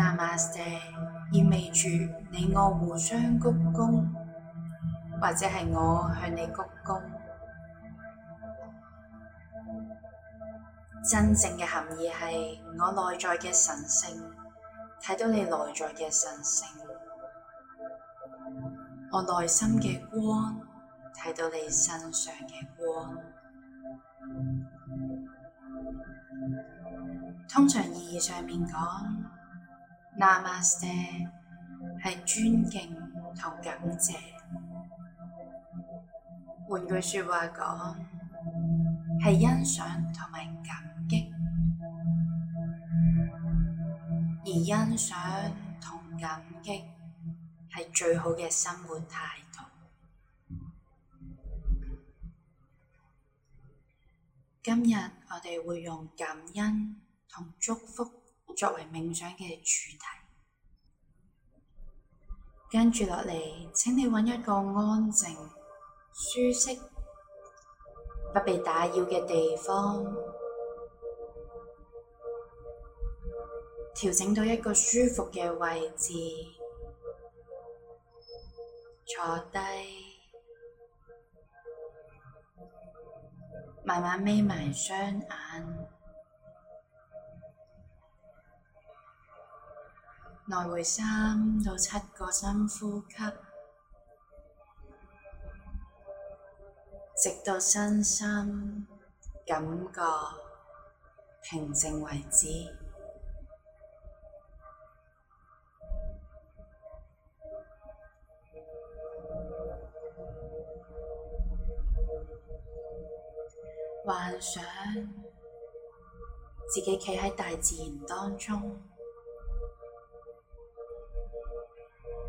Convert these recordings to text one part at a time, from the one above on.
Namaste 意味住你我互相鞠躬，或者係我向你鞠躬。真正嘅含義係我內在嘅神聖睇到你內在嘅神聖，我內心嘅光睇到你身上嘅光。通常意義上面講。Namaste 係尊敬同感謝，換句說話講，係欣賞同埋感激，而欣賞同感激係最好嘅生活態度。今日我哋會用感恩同祝福，作為冥想嘅主題，跟住落嚟，請你揾一個安靜、舒適、不被打擾嘅地方，調整到一個舒服嘅位置，坐低，慢慢眯埋雙眼。來回三到七個深呼吸，直到身心感覺平靜為止。幻想自己企喺大自然當中。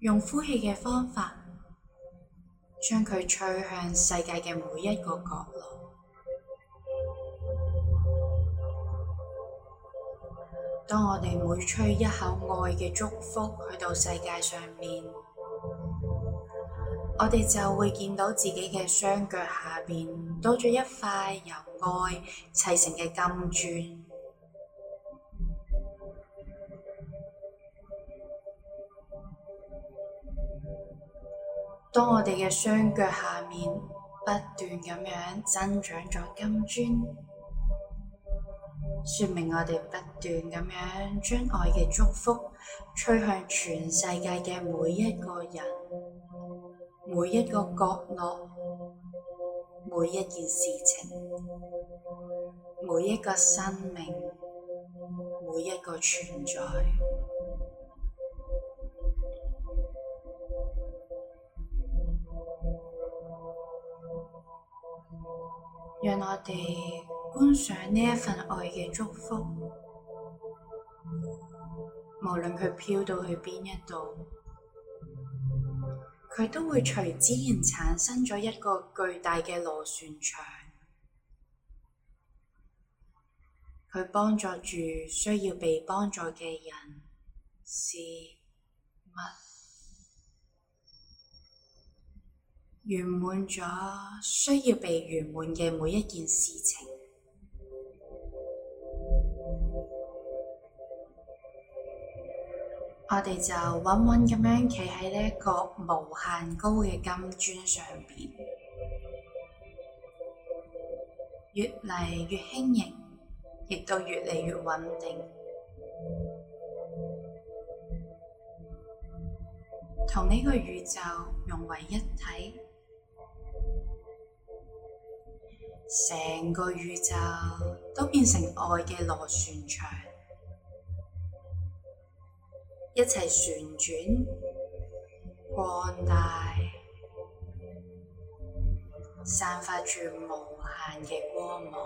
用呼氣嘅方法，將佢吹向世界嘅每一個角落。當我哋每吹一口愛嘅祝福去到世界上面，我哋就會見到自己嘅雙腳下面多咗一塊由愛砌成嘅金磚。當我哋嘅雙腳下面不斷咁樣增長咗金磚，說明我哋不斷咁樣將愛嘅祝福吹向全世界嘅每一個人、每一個角落、每一件事情、每一個生命、每一個存在。讓我哋觀賞呢一份愛嘅祝福，無論佢飄到去邊一度，佢都會隨之而產生咗一個巨大嘅螺旋牆，佢幫助住需要被幫助嘅人事物。圓滿咗，圓滿需要被圓滿嘅每一件事情，我哋就穩穩咁樣企喺呢一個無限高嘅金磚上邊，越嚟越輕盈，亦都越嚟越穩定，同呢個宇宙融為一體。成個宇宙都變成愛嘅螺旋槳，一齊旋轉、擴大、散發住無限嘅光芒。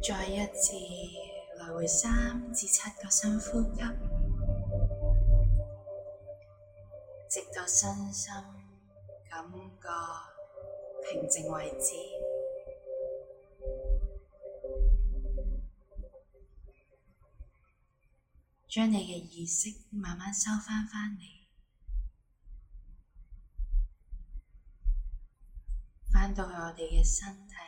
再一次，來回三至七個深呼吸，直到身心感覺平靜為止。將你嘅意識慢慢收翻翻嚟，翻到去我哋嘅身體。